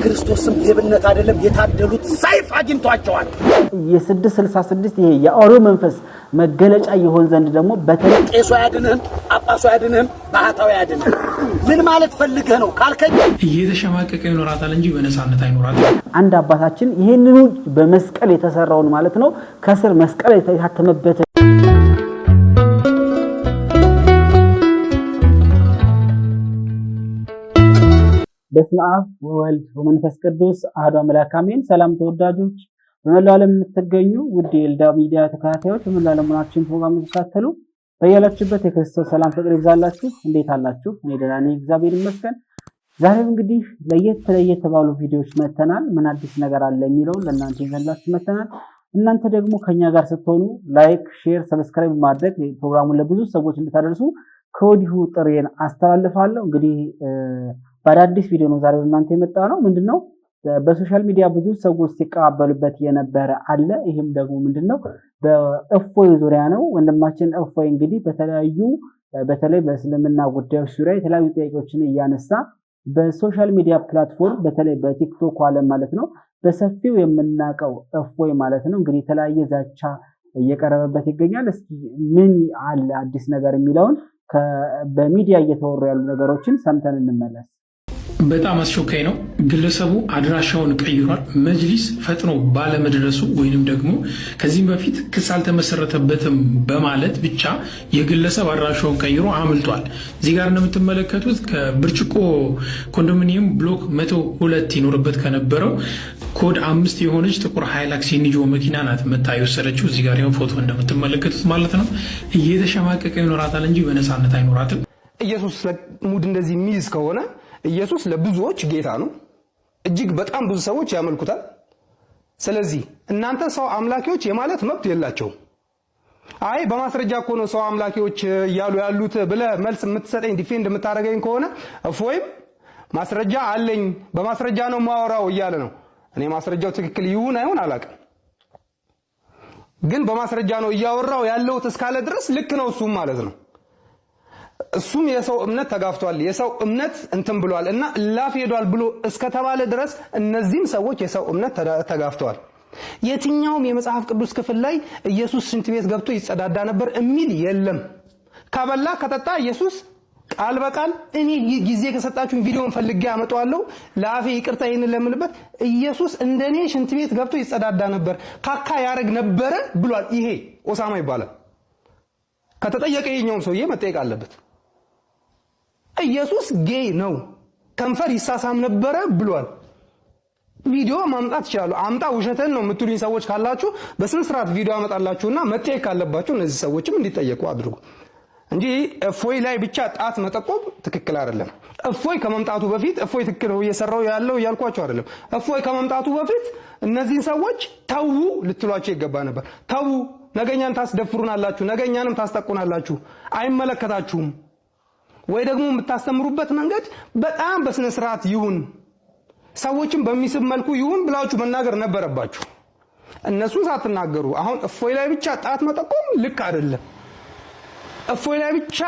በክርስቶስም ሌብነት አይደለም የታደሉት ሰይፍ አግኝቷቸዋል። የስድስት ስልሳ ስድስት ይሄ የአውሬው መንፈስ መገለጫ የሆን ዘንድ ደግሞ በተለይ ቄሶ ያድንህም ጳጳሱ ያድንህም ባህታዊ ያድንህም ምን ማለት ፈልገህ ነው ካልከኝ እየተሸማቀቀ ይኖራታል እንጂ በነፃነት አይኖራል። አንድ አባታችን ይህንኑ በመስቀል የተሰራውን ማለት ነው ከስር መስቀል የታተመበት በስመ አብ ወወልድ ወመንፈስ ቅዱስ አሐዱ አምላክ አሜን። ሰላም ተወዳጆች፣ በመላው ዓለም የምትገኙ ውድ የልዳ ሚዲያ ተከታታዮች፣ በመላው ዓለም ሆናችሁ ፕሮግራም ተከታተሉ። በያላችሁበት የክርስቶስ ሰላም ፍቅር ይብዛላችሁ። እንዴት አላችሁ? እኔ ደህና ነኝ፣ እግዚአብሔር ይመስገን። ዛሬም እንግዲህ ለየት ለየት ባሉ ቪዲዮዎች መተናል። ምን አዲስ ነገር አለ የሚለውን ለእናንተ ይዘንላችሁ መተናል። እናንተ ደግሞ ከኛ ጋር ስትሆኑ ላይክ፣ ሼር፣ ሰብስክራይብ ማድረግ ፕሮግራሙን ለብዙ ሰዎች እንድታደርሱ ከወዲሁ ጥሬን አስተላልፋለሁ። እንግዲህ በአዳዲስ ቪዲዮ ነው ዛሬ በእናንተ የመጣ ነው። ምንድን ነው በሶሻል ሚዲያ ብዙ ሰዎች ሲቀባበሉበት የነበረ አለ። ይህም ደግሞ ምንድን ነው በእፎይ ዙሪያ ነው። ወንድማችን እፎይ እንግዲህ በተለያዩ በተለይ በእስልምና ጉዳዮች ዙሪያ የተለያዩ ጥያቄዎችን እያነሳ በሶሻል ሚዲያ ፕላትፎርም በተለይ በቲክቶክ አለም ማለት ነው በሰፊው የምናውቀው እፎይ ማለት ነው እንግዲህ የተለያየ ዛቻ እየቀረበበት ይገኛል። እስኪ ምን አለ አዲስ ነገር የሚለውን በሚዲያ እየተወሩ ያሉ ነገሮችን ሰምተን እንመለስ። በጣም አስቸኳይ ነው። ግለሰቡ አድራሻውን ቀይሯል። መጅሊስ ፈጥኖ ባለመድረሱ ወይንም ደግሞ ከዚህም በፊት ክስ አልተመሰረተበትም በማለት ብቻ የግለሰብ አድራሻውን ቀይሮ አምልጧል። እዚህ ጋር እንደምትመለከቱት ከብርጭቆ ኮንዶሚኒየም ብሎክ መቶ ሁለት ይኖርበት ከነበረው ኮድ አምስት የሆነች ጥቁር ሃይላክስ የኒጆ መኪና ናት መታ የወሰደችው። እዚህ ጋር ፎቶ እንደምትመለከቱት ማለት ነው። እየተሸማቀቀ ይኖራታል እንጂ በነፃነት አይኖራትም። ኢየሱስ ሙድ እንደዚህ የሚይዝ ከሆነ ኢየሱስ ለብዙዎች ጌታ ነው። እጅግ በጣም ብዙ ሰዎች ያመልኩታል። ስለዚህ እናንተ ሰው አምላኪዎች የማለት መብት የላቸውም። አይ በማስረጃ እኮ ነው ሰው አምላኪዎች እያሉ ያሉት ብለህ መልስ የምትሰጠኝ ዲፌንድ የምታደርገኝ ከሆነ እፎይም ማስረጃ አለኝ በማስረጃ ነው ማወራው እያለ ነው። እኔ ማስረጃው ትክክል ይሁን አይሆን አላውቅም፣ ግን በማስረጃ ነው እያወራው ያለሁት እስካለ ድረስ ልክ ነው እሱም ማለት ነው። እሱም የሰው እምነት ተጋፍቷል፣ የሰው እምነት እንትን ብሏል እና ላፍ ሄዷል ብሎ እስከተባለ ድረስ እነዚህም ሰዎች የሰው እምነት ተጋፍተዋል። የትኛውም የመጽሐፍ ቅዱስ ክፍል ላይ ኢየሱስ ሽንት ቤት ገብቶ ይጸዳዳ ነበር የሚል የለም። ከበላ ከጠጣ ኢየሱስ ቃል በቃል እኔ ጊዜ ከሰጣችሁን ቪዲዮን ፈልጌ አመጣዋለሁ። ለአፌ ይቅርታ ይህን ለምንበት ኢየሱስ እንደኔ ሽንት ቤት ገብቶ ይጸዳዳ ነበር፣ ካካ ያደረግ ነበረ ብሏል። ይሄ ኦሳማ ይባላል። ከተጠየቀ የኛውም ሰውዬ መጠየቅ አለበት። ኢየሱስ ጌይ ነው ከንፈር ይሳሳም ነበረ ብሏል። ቪዲዮ ማምጣት ይችላሉ። አምጣ ውሸትን ነው የምትሉኝ ሰዎች ካላችሁ በስንት ስርዓት ቪዲዮ አመጣላችሁና መጠየቅ ካለባችሁ እነዚህ ሰዎችም እንዲጠየቁ አድርጉ እንጂ እፎይ ላይ ብቻ ጣት መጠቆም ትክክል አይደለም። እፎይ ከመምጣቱ በፊት እፎይ ትክክል ነው እየሰራው ያለው እያልኳቸው አይደለም። እፎይ ከመምጣቱ በፊት እነዚህን ሰዎች ተዉ ልትሏቸው ይገባ ነበር። ተዉ ነገኛን ታስደፍሩናላችሁ፣ ነገኛንም ታስጠቁናላችሁ፣ አይመለከታችሁም ወይ ደግሞ የምታስተምሩበት መንገድ በጣም በስነ ስርዓት ይሁን፣ ሰዎችን በሚስብ መልኩ ይሁን ብላችሁ መናገር ነበረባችሁ። እነሱን ሳትናገሩ አሁን እፎይ ላይ ብቻ ጣት መጠቆም ልክ አይደለም። እፎይ ላይ ብቻ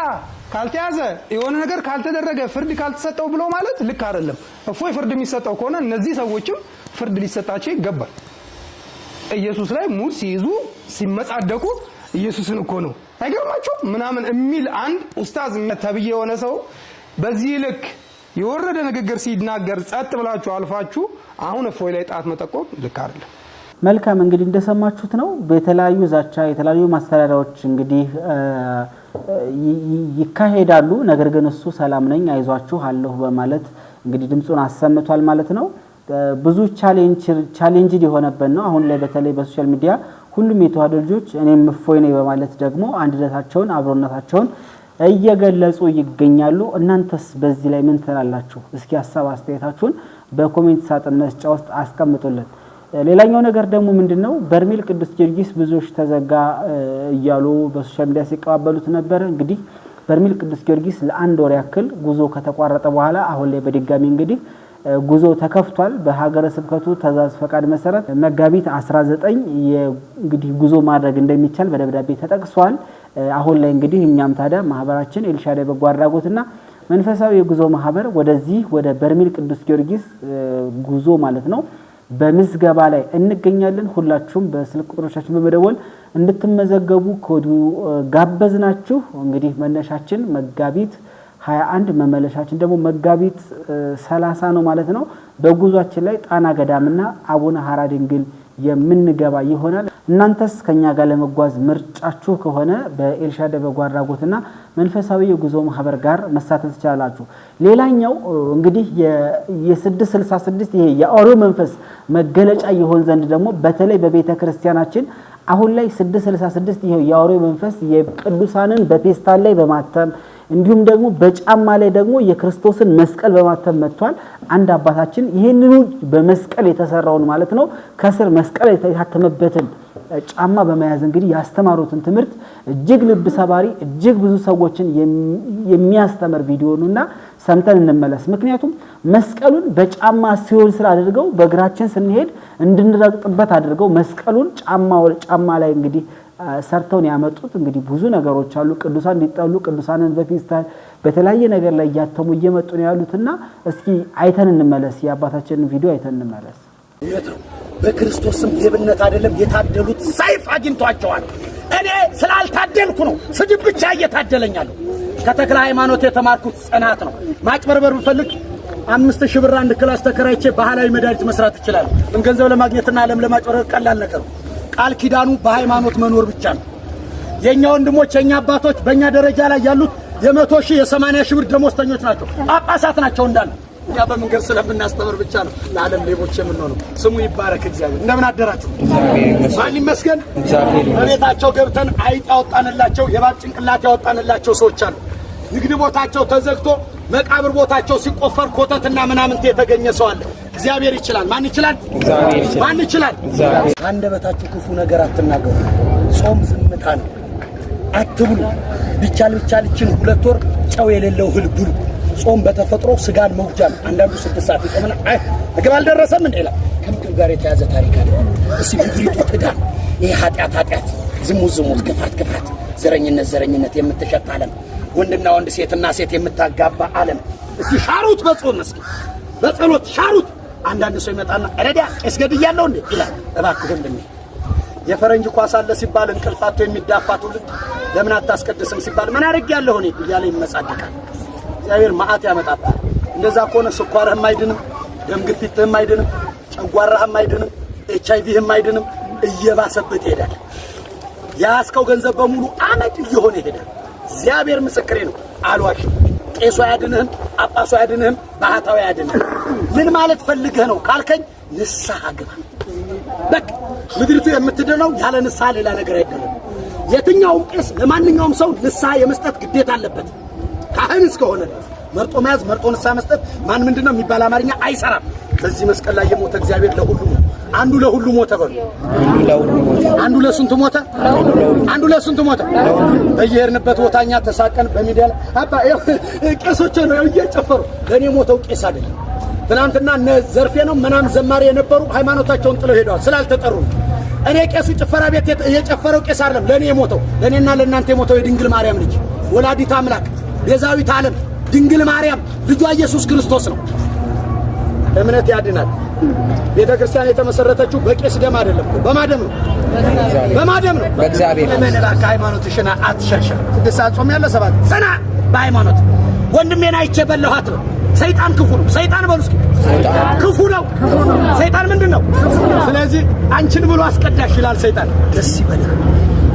ካልተያዘ የሆነ ነገር ካልተደረገ ፍርድ ካልተሰጠው ብሎ ማለት ልክ አይደለም። እፎይ ፍርድ የሚሰጠው ከሆነ እነዚህ ሰዎችም ፍርድ ሊሰጣቸው ይገባል። ኢየሱስ ላይ ሙድ ሲይዙ ሲመጻደቁ ኢየሱስን እኮ ነው አይገርማችሁ ምናምን የሚል አንድ ኡስታዝ ተብዬ የሆነ ሰው በዚህ ልክ የወረደ ንግግር ሲናገር ጸጥ ብላችሁ አልፋችሁ አሁን እፎይ ላይ ጣት መጠቆም ልክ አይደለም። መልካም እንግዲህ እንደሰማችሁት ነው። በተለያዩ ዛቻ የተለያዩ ማስተዳደሪያዎች እንግዲህ ይካሄዳሉ። ነገር ግን እሱ ሰላም ነኝ አይዟችሁ አለሁ በማለት እንግዲህ ድምፁን አሰምቷል ማለት ነው። ብዙ ቻሌንጅድ የሆነበት ነው። አሁን ላይ በተለይ በሶሻል ሚዲያ ሁሉም የተዋሕዶ ልጆች እኔም እፎይ ነኝ በማለት ደግሞ አንድነታቸውን አብሮነታቸውን እየገለጹ ይገኛሉ። እናንተስ በዚህ ላይ ምን ትላላችሁ? እስኪ ሀሳብ አስተያየታችሁን በኮሜንት ሳጥን መስጫ ውስጥ አስቀምጡልን። ሌላኛው ነገር ደግሞ ምንድን ነው? በርሜል ቅዱስ ጊዮርጊስ ብዙዎች ተዘጋ እያሉ በሶሻል ሚዲያ ሲቀባበሉት ነበር እንግዲህ በርሜል ቅዱስ ጊዮርጊስ ለአንድ ወር ያክል ጉዞ ከተቋረጠ በኋላ አሁን ላይ በድጋሚ እንግዲህ ጉዞ ተከፍቷል። በሀገረ ስብከቱ ትእዛዝ ፈቃድ መሰረት መጋቢት 19 እንግዲህ ጉዞ ማድረግ እንደሚቻል በደብዳቤ ተጠቅሷል። አሁን ላይ እንግዲህ እኛም ታዲያ ማህበራችን ኤልሻዳይ በጎ አድራጎትና መንፈሳዊ የጉዞ ማህበር ወደዚህ ወደ በርሜል ቅዱስ ጊዮርጊስ ጉዞ ማለት ነው በምዝገባ ላይ እንገኛለን። ሁላችሁም በስልክ ቁጥሮቻችን በመደወል እንድትመዘገቡ ከወዲሁ ጋበዝናችሁ። እንግዲህ መነሻችን መጋቢት 21 መመለሻችን ደግሞ መጋቢት ሰላሳ ነው ማለት ነው። በጉዟችን ላይ ጣና ገዳምና አቡነ ሀራ ድንግል የምንገባ ይሆናል። እናንተስ ከኛ ጋር ለመጓዝ ምርጫችሁ ከሆነ በኤልሻዳይ በጎ አድራጎትና መንፈሳዊ የጉዞ ማህበር ጋር መሳተፍ ትችላላችሁ። ሌላኛው እንግዲህ የ666 ይሄ የአውሬው መንፈስ መገለጫ ይሆን ዘንድ ደግሞ በተለይ በቤተ ክርስቲያናችን አሁን ላይ 666 ይሄ የአውሬው መንፈስ የቅዱሳንን በፔስታል ላይ በማተም እንዲሁም ደግሞ በጫማ ላይ ደግሞ የክርስቶስን መስቀል በማተም መጥቷል። አንድ አባታችን ይህንኑ በመስቀል የተሰራውን ማለት ነው ከስር መስቀል የታተመበትን ጫማ በመያዝ እንግዲህ ያስተማሩትን ትምህርት እጅግ ልብ ሰባሪ እጅግ ብዙ ሰዎችን የሚያስተምር ቪዲዮ ነውና ሰምተን እንመለስ። ምክንያቱም መስቀሉን በጫማ ሲሆን ስራ አድርገው በእግራችን ስንሄድ እንድንረግጥበት አድርገው መስቀሉን ጫማ ላይ እንግዲህ ሰርተውን ያመጡት እንግዲህ ብዙ ነገሮች አሉ። ቅዱሳን እንዲጠሉ ቅዱሳንን በፌስታል በተለያየ ነገር ላይ እያተሙ እየመጡ ነው ያሉትና እስኪ አይተን እንመለስ፣ የአባታችንን ቪዲዮ አይተን እንመለስ። እውነት ነው። በክርስቶስም ሌብነት አይደለም የታደሉት ሰይፍ አግኝቷቸዋል። እኔ ስላልታደልኩ ነው፣ ስድብ ብቻ እየታደለኛለሁ። ከተክለ ሃይማኖት የተማርኩት ጽናት ነው። ማጭበርበር ብፈልግ አምስት ሺህ ብር አንድ ክላስ ተከራይቼ ባህላዊ መድኃኒት መስራት እችላለሁ። ገንዘብ ለማግኘትና ዓለም ለማጭበርበር ቀላል ነገር ነው። ቃል ኪዳኑ በሃይማኖት መኖር ብቻ ነው። የእኛ ወንድሞች የእኛ አባቶች በእኛ ደረጃ ላይ ያሉት የመቶ ሺህ የሰማንያ ሺህ ብር ደሞዝተኞች ናቸው። ጳጳሳት ናቸው እንዳለ እኛ በመንገድ ስለምናስተምር ብቻ ነው ለዓለም ሌቦች የምንሆነው። ስሙ ይባረክ እግዚአብሔር። እንደምን አደራችሁ? ማን ይመስገን። በቤታቸው ገብተን አይጥ ያወጣንላቸው የባብ ጭንቅላት ያወጣንላቸው ሰዎች አሉ። ንግድ ቦታቸው ተዘግቶ መቃብር ቦታቸው ሲቆፈር ኮተትና ምናምንት የተገኘ ሰው አለ። እግዚአብሔር ይችላል። ማን ይችላል? ማን ይችላል? ከአንደበታችሁ ክፉ ነገር አትናገሩ። ጾም ዝምታ ነው። አትብሉ። ቢቻል ቢቻል ይችን ሁለት ወር ጨው የሌለው እህል ብሉ። ጾም በተፈጥሮ ስጋን መውጃ ነው። አንዳንዱ ስድስት ሰዓት ይጾምና አይ ምግብ አልደረሰም እንዴ ይላል። ከምግብ ጋር የተያዘ ታሪክ አለ። እስኪ ምድሪቱ ክዳን ይሄ ኃጢአት ኃጢአት፣ ዝሙት ዝሙት፣ ክፋት ክፋት፣ ዘረኝነት ዘረኝነት የምትሸጥ ዓለም፣ ወንድና ወንድ ሴትና ሴት የምታጋባ ዓለም። እስኪ ሻሩት በጾም እስኪ በጸሎት ሻሩት። አንዳንድ ሰው ይመጣና ረዲያ እስገድ እስገድያለሁ እንዴ ይላል። እባክህ ወንድሜ የፈረንጅ ኳስ አለ ሲባል እንቅልፋቶ የሚዳፋ ትውልድ ለምን አታስቀድስም ሲባል ምን አድርጌያለሁ እኔ እያለ ይመጻደቃል። እግዚአብሔር መዓት ያመጣብሃል። እንደዛ ከሆነ ስኳርህም አይድንም፣ ደም ግፊትህም አይድንም፣ ጨጓራህም አይድንም፣ ኤች አይ ቪህም አይድንም። እየባሰበት ይሄዳል። ያስከው ገንዘብ በሙሉ አመድ እየሆነ ይሄዳል። እግዚአብሔር ምስክሬ ነው። አልዋሽ ቄሱ አያድንህም፣ ጳጳሱ አያድንህም፣ ባህታዊ አያድንህም። ምን ማለት ፈልገህ ነው ካልከኝ ንስሐ ግባ። በቃ ምድሪቱ የምትድነው ያለ ንስሐ ሌላ ነገር አይደለም። የትኛውም ቄስ ለማንኛውም ሰው ንስሐ የመስጠት ግዴታ አለበት። ካህን እስከሆነ መርጦ መያዝ፣ መርጦ ንስሐ መስጠት ማን ነው የሚባል አማርኛ አይሰራም። በዚህ መስቀል ላይ የሞተ እግዚአብሔር ለሁሉ አንዱ ለሁሉ ሞተ በሉ። አንዱ ለስንቱ ሞተ? አንዱ ለስንቱ ሞተ? በየሄድንበት ቦታኛ ተሳቀን በሚዲያ አባ ቄሶች ነው እየጨፈሩ ለእኔ ሞተው ቄስ አይደለም ትናንትና እነ ዘርፌ ነው ምናምን ዘማሪ የነበሩ ሃይማኖታቸውን ጥለው ሄደዋል ስላልተጠሩ። እኔ ቄሱ ጭፈራ ቤት የጨፈረው ቄስ አይደለም ለእኔ የሞተው ለእኔና ለእናንተ የሞተው የድንግል ማርያም ልጅ ወላዲት አምላክ ቤዛዊት ዓለም ድንግል ማርያም ልጇ ኢየሱስ ክርስቶስ ነው። እምነት ያድናል። ቤተ ክርስቲያን የተመሰረተችው በቄስ ደም አይደለም፣ በማደም ነው። በማደም ነው። በእግዚአብሔር እባክህ ሃይማኖትሽን አትሸርሸር። ስድስት ሰዓት ጾም ያለ ሰባት ጽና በሃይማኖት ወንድሜን አይቼ በላኋት ነው ሰይጣን ክፉ ነው። ሰይጣን በሉ እስኪ ሰይጣን ክፉ ነው። ሰይጣን ምንድን ነው? ስለዚህ አንቺን ብሎ አስቀዳሽ ይላል ሰይጣን። ደስ ይበላል።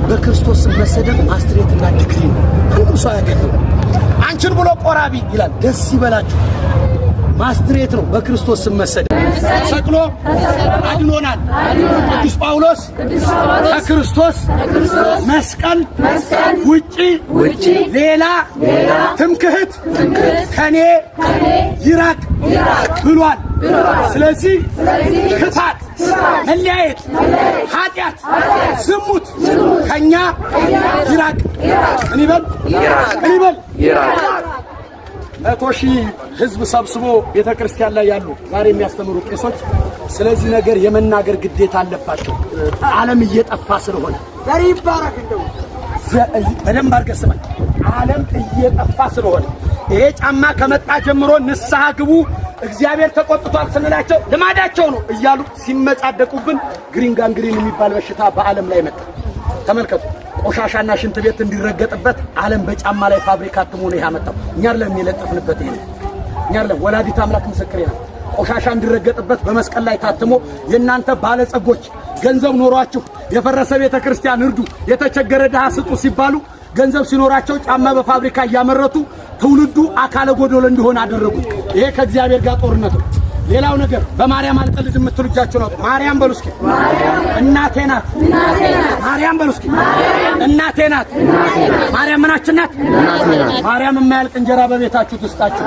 በክርስቶስ መሰደብ ማስትሬትና ዲግሪ ነው። ሁሉ ሰው ያገኘው አንቺን ብሎ ቆራቢ ይላል። ደስ ይበላችሁ። ማስትሬት ነው በክርስቶስ መሰደብ ተሰቅሎ አድኖናል። ቅዱስ ጳውሎስ ከክርስቶስ መስቀል ውጪ ሌላ ትምክህት ከኔ ይራቅ ብሏል። ስለዚህ ክፋት፣ መለያየት፣ ኃጢአት፣ ዝሙት ከኛ ይራቅ እንበል ይራቅ። መቶ ሺህ ህዝብ ሰብስቦ ቤተ ክርስቲያን ላይ ያሉ ዛሬ የሚያስተምሩ ቄሶች ስለዚህ ነገር የመናገር ግዴታ አለባቸው። ዓለም እየጠፋ ስለሆነ ዘሪ ይባረክ እንደው በደንብ አድርገህ ስማኝ። ዓለም እየጠፋ ስለሆነ ይሄ ጫማ ከመጣ ጀምሮ ንስሐ ግቡ እግዚአብሔር ተቆጥቷል ስንላቸው ልማዳቸው ነው እያሉ ሲመጻደቁብን ግሪንጋን ግሪን የሚባል በሽታ በዓለም ላይ መጣ። ተመልከቱ። ቆሻሻና ሽንት ቤት እንዲረገጥበት ዓለም በጫማ ላይ ፋብሪካ አትሞ ነው አመጣው። እኛ አይደለም የለጠፍንበት ይሄ እኛ አይደለም። ወላዲት አምላክ ምስክሬ ነው። ቆሻሻ እንዲረገጥበት በመስቀል ላይ ታትሞ የእናንተ ባለጸጎች ገንዘብ ኖሯችሁ የፈረሰ ቤተ ክርስቲያን እርዱ፣ የተቸገረ ድሃ ስጡ ሲባሉ ገንዘብ ሲኖራቸው ጫማ በፋብሪካ እያመረቱ ትውልዱ አካለ ጎዶሎ እንዲሆን አደረጉ። ይሄ ከእግዚአብሔር ጋር ጦርነት ነው። ሌላው ነገር በማርያም አልቀልድም የምትሉ እጃችሁ ነው። ማርያም በሉ እስኪ። እናቴ ናት። ማርያም በሉ እስኪ። እናቴ ናት። ማርያም ምናችን ናት? ማርያም የማያልቅ እንጀራ በቤታችሁ ትስጣችሁ።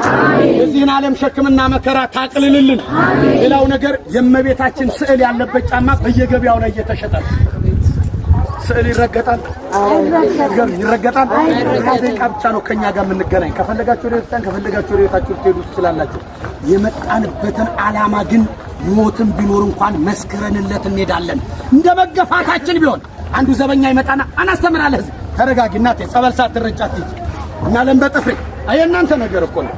የዚህን ዓለም ሸክምና መከራ ታቅልልልን። ሌላው ነገር የእመቤታችን ስዕል ያለበት ጫማ በየገበያው ላይ እየተሸጠ ስዕል ይረገጣል ይረገጣል። ደቂቃ ብቻ ነው ከኛ ጋር የምንገናኝ። ከፈለጋችሁ ወደ ቤተክርስቲያን፣ ከፈለጋችሁ ወደ ቤታችሁ ልትሄዱ ትችላላችሁ። የመጣንበትን ዓላማ ግን ሞትም ቢኖር እንኳን መስክረንለት እንሄዳለን። እንደ መገፋታችን ቢሆን አንዱ ዘበኛ ይመጣና አናስተምራለ ህዝብ ተረጋጊ እናቴ፣ ጸበል ሳትረጫት እና ለም በጥፍሬ አይ እናንተ ነገር እኮ ነው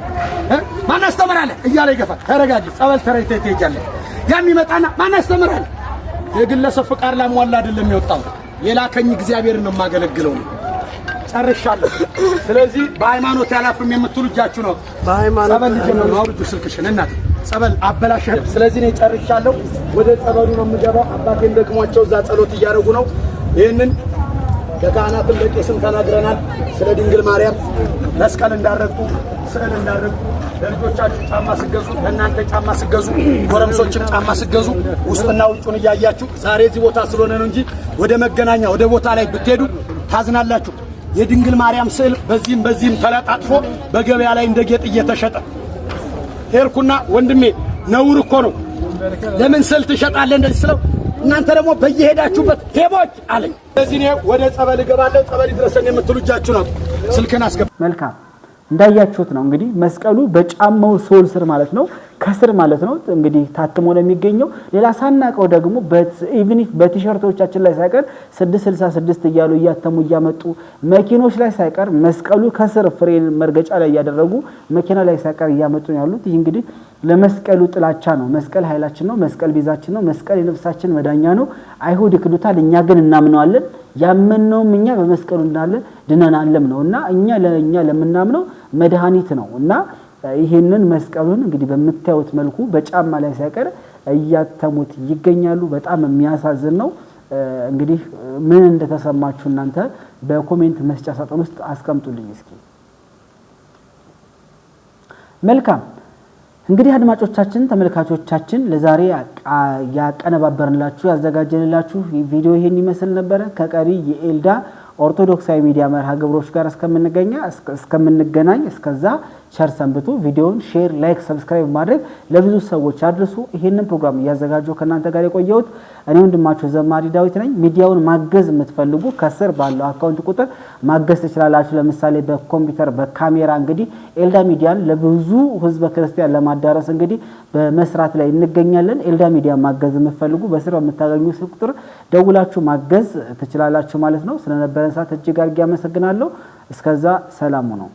ማናስተምራለህ እያለ ይገፋል። ተረጋጊ፣ ጸበል ተረጭተህ ትሄጃለህ። ያም ይመጣና ማናስተምራለህ የግለሰብ ፍቃድ ላሟላ አይደለም የወጣው የላከኝ እግዚአብሔርን ነው የማገለግለው ነው። ጨርሻለሁ። ስለዚህ በሃይማኖት ያላፍርም የምትሉ እጃችሁ ነው። በሃይማኖት ጸበል ጀመሩ። አውርዱ ስልክሽን እናት ጸበል አበላሽ። ስለዚህ እኔ ጨርሻለሁ። ወደ ጸበሉ ነው የምገባው። አባቴን ደቅሟቸው እዛ ጸሎት እያደረጉ ነው። ይህንን ለካህናትም ለቄስም ተናግረናል። ስለ ድንግል ማርያም መስቀል እንዳረግጡ ስዕል እንዳረግጡ ለልጆቻችሁ ጫማ ስገዙ፣ ለእናንተ ጫማ ስገዙ፣ ጎረምሶችም ጫማ ስገዙ ውስጥና ውጭን እያያችሁ ዛሬ እዚህ ቦታ ስለሆነ ነው እንጂ ወደ መገናኛ ወደ ቦታ ላይ ብትሄዱ ታዝናላችሁ። የድንግል ማርያም ስዕል በዚህም በዚህም ተለጣጥፎ በገበያ ላይ እንደ ጌጥ እየተሸጠ ሄርኩና ወንድሜ ነውር እኮ ነው። ለምን ስዕል ትሸጣለህ እንደዚህ ስለው እናንተ ደግሞ በየሄዳችሁበት ሄቦች አለኝ። ስለዚህ እኔ ወደ ጸበል እገባለሁ። ጸበል ይድረሰን የምትሉ እጃችሁ ናት። ስልክን አስገባ። መልካም እንዳያችሁት ነው እንግዲህ መስቀሉ በጫማው ሶል ስር ማለት ነው ከስር ማለት ነው እንግዲህ ታትሞ ነው የሚገኘው። ሌላ ሳናቀው ደግሞ ኢቭን በቲሸርቶቻችን ላይ ሳይቀር 666 እያሉ እያተሙ እያመጡ መኪኖች ላይ ሳይቀር መስቀሉ ከስር ፍሬን መርገጫ ላይ እያደረጉ መኪና ላይ ሳይቀር እያመጡ ያሉት ይህ እንግዲህ ለመስቀሉ ጥላቻ ነው። መስቀል ኃይላችን ነው። መስቀል ቤዛችን ነው። መስቀል የነፍሳችን መዳኛ ነው። አይሁድ ይክዱታል፣ እኛ ግን እናምነዋለን። ያመነውም እኛ በመስቀሉ እንዳለ ድነናለም ነው እና እኛ ለእኛ ለምናምነው መድኃኒት ነው እና ይሄንን መስቀሉን እንግዲህ በምታዩት መልኩ በጫማ ላይ ሳይቀር እያተሙት ይገኛሉ። በጣም የሚያሳዝን ነው። እንግዲህ ምን እንደተሰማችሁ እናንተ በኮሜንት መስጫ ሳጥን ውስጥ አስቀምጡልኝ እስኪ። መልካም እንግዲህ አድማጮቻችን፣ ተመልካቾቻችን ለዛሬ ያቀነባበርንላችሁ ያዘጋጀንላችሁ ቪዲዮ ይሄን ይመስል ነበረ። ከቀሪ የኤልዳ ኦርቶዶክሳዊ ሚዲያ መርሃ ግብሮች ጋር እስከምንገኛ እስከምንገናኝ እስከዛ ቸር ሰንብቱ። ቪዲዮውን ሼር፣ ላይክ፣ ሰብስክራይብ ማድረግ ለብዙ ሰዎች አድርሱ። ይህንን ፕሮግራም እያዘጋጀው ከእናንተ ጋር የቆየሁት እኔ ወንድማችሁ ዘማሪ ዳዊት ነኝ። ሚዲያውን ማገዝ የምትፈልጉ ከስር ባለው አካውንት ቁጥር ማገዝ ትችላላችሁ። ለምሳሌ በኮምፒውተር በካሜራ እንግዲህ ኤልዳ ሚዲያን ለብዙ ህዝበ ክርስቲያን ለማዳረስ እንግዲህ በመስራት ላይ እንገኛለን። ኤልዳ ሚዲያ ማገዝ የምትፈልጉ በስር በምታገኙ ቁጥር ደውላችሁ ማገዝ ትችላላችሁ ማለት ነው ስለነበረ ሰዓት እጅግ አድርጌ አመሰግናለሁ። እስከዛ ሰላሙ ነው።